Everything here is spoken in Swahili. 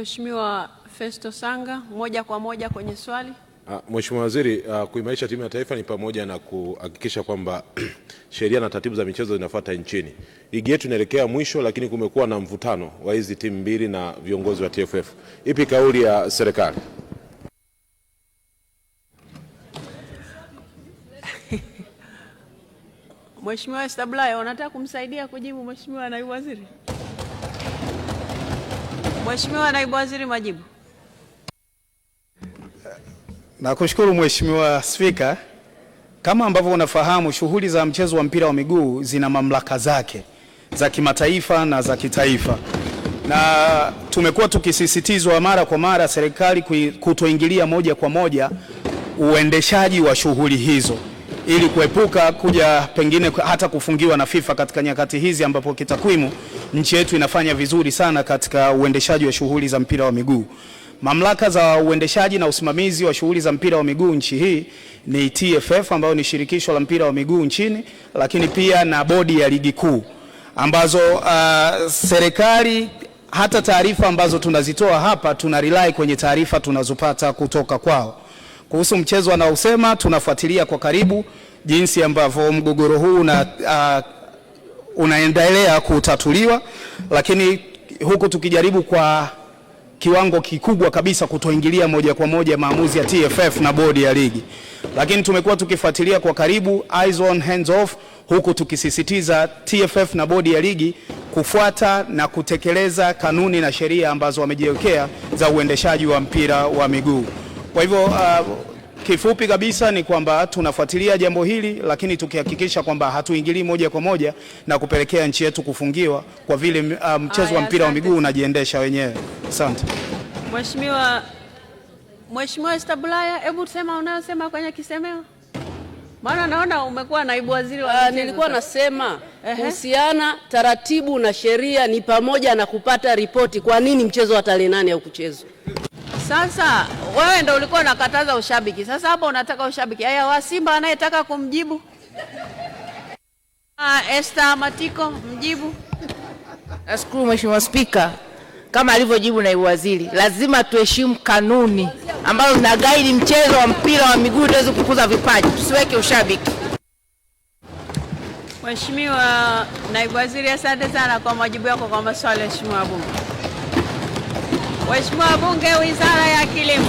Mheshimiwa Festo Sanga, moja kwa moja kwenye swali. Ah, Mheshimiwa Waziri, uh, kuimarisha timu ya taifa ni pamoja na kuhakikisha kwamba sheria na taratibu za michezo zinafuata nchini. Ligi yetu inaelekea mwisho, lakini kumekuwa na mvutano wa hizi timu mbili na viongozi wa TFF. Ipi kauli ya serikali? Mheshimiwa Establaya, unataka kumsaidia kujibu Mheshimiwa Naibu Waziri? Mheshimiwa Naibu Waziri, majibu. Nakushukuru Mheshimiwa Spika. Kama ambavyo unafahamu, shughuli za mchezo wa mpira wa miguu zina mamlaka zake za kimataifa na za kitaifa, na tumekuwa tukisisitizwa mara kwa mara serikali kutoingilia moja kwa moja uendeshaji wa shughuli hizo ili kuepuka kuja pengine hata kufungiwa na FIFA katika nyakati hizi ambapo kitakwimu nchi yetu inafanya vizuri sana katika uendeshaji wa shughuli za mpira wa miguu. Mamlaka za uendeshaji na usimamizi wa shughuli za mpira wa miguu nchi hii ni TFF ambayo ni shirikisho la mpira wa miguu nchini, lakini pia na bodi ya ligi kuu ambazo uh, serikali hata taarifa ambazo tunazitoa hapa tuna rely kwenye taarifa tunazopata kutoka kwao. Kuhusu mchezo anaosema, tunafuatilia kwa karibu jinsi ambavyo mgogoro huu una, uh, unaendelea kutatuliwa, lakini huku tukijaribu kwa kiwango kikubwa kabisa kutoingilia moja kwa moja maamuzi ya TFF na bodi ya ligi, lakini tumekuwa tukifuatilia kwa karibu, eyes on hands off, huku tukisisitiza TFF na bodi ya ligi kufuata na kutekeleza kanuni na sheria ambazo wamejiwekea za uendeshaji wa mpira wa miguu. Kwa hivyo uh, kifupi kabisa ni kwamba tunafuatilia jambo hili, lakini tukihakikisha kwamba hatuingilii moja kwa moja na kupelekea nchi yetu kufungiwa kwa vile uh, mchezo wa mpira wa miguu unajiendesha wenyewe. Asante Mheshimiwa. Mheshimiwa Esther Bulaya, hebu sema unayosema kwenye kisemeo, maana naona umekuwa naibu waziri wa uh, nilikuwa nasema kuhusiana taratibu na sheria ni pamoja na kupata ripoti, kwa nini mchezo wa tarehe nane haukuchezwa. Sasa wewe ndo ulikuwa unakataza ushabiki, sasa hapa unataka ushabiki. Haya, wa Simba anayetaka kumjibu ah, Esther Matiko mjibu. Nashukuru Mheshimiwa Spika, kama alivyojibu naibu waziri, lazima tuheshimu kanuni ambazo zina guide mchezo wa mpira wa miguu tuweze kukuza vipaji, tusiweke ushabiki. Mheshimiwa naibu waziri, asante sana kwa majibu yako kwa maswali ya Mheshimiwa wabunge. Mheshimiwa wabunge, wizara ya kilimo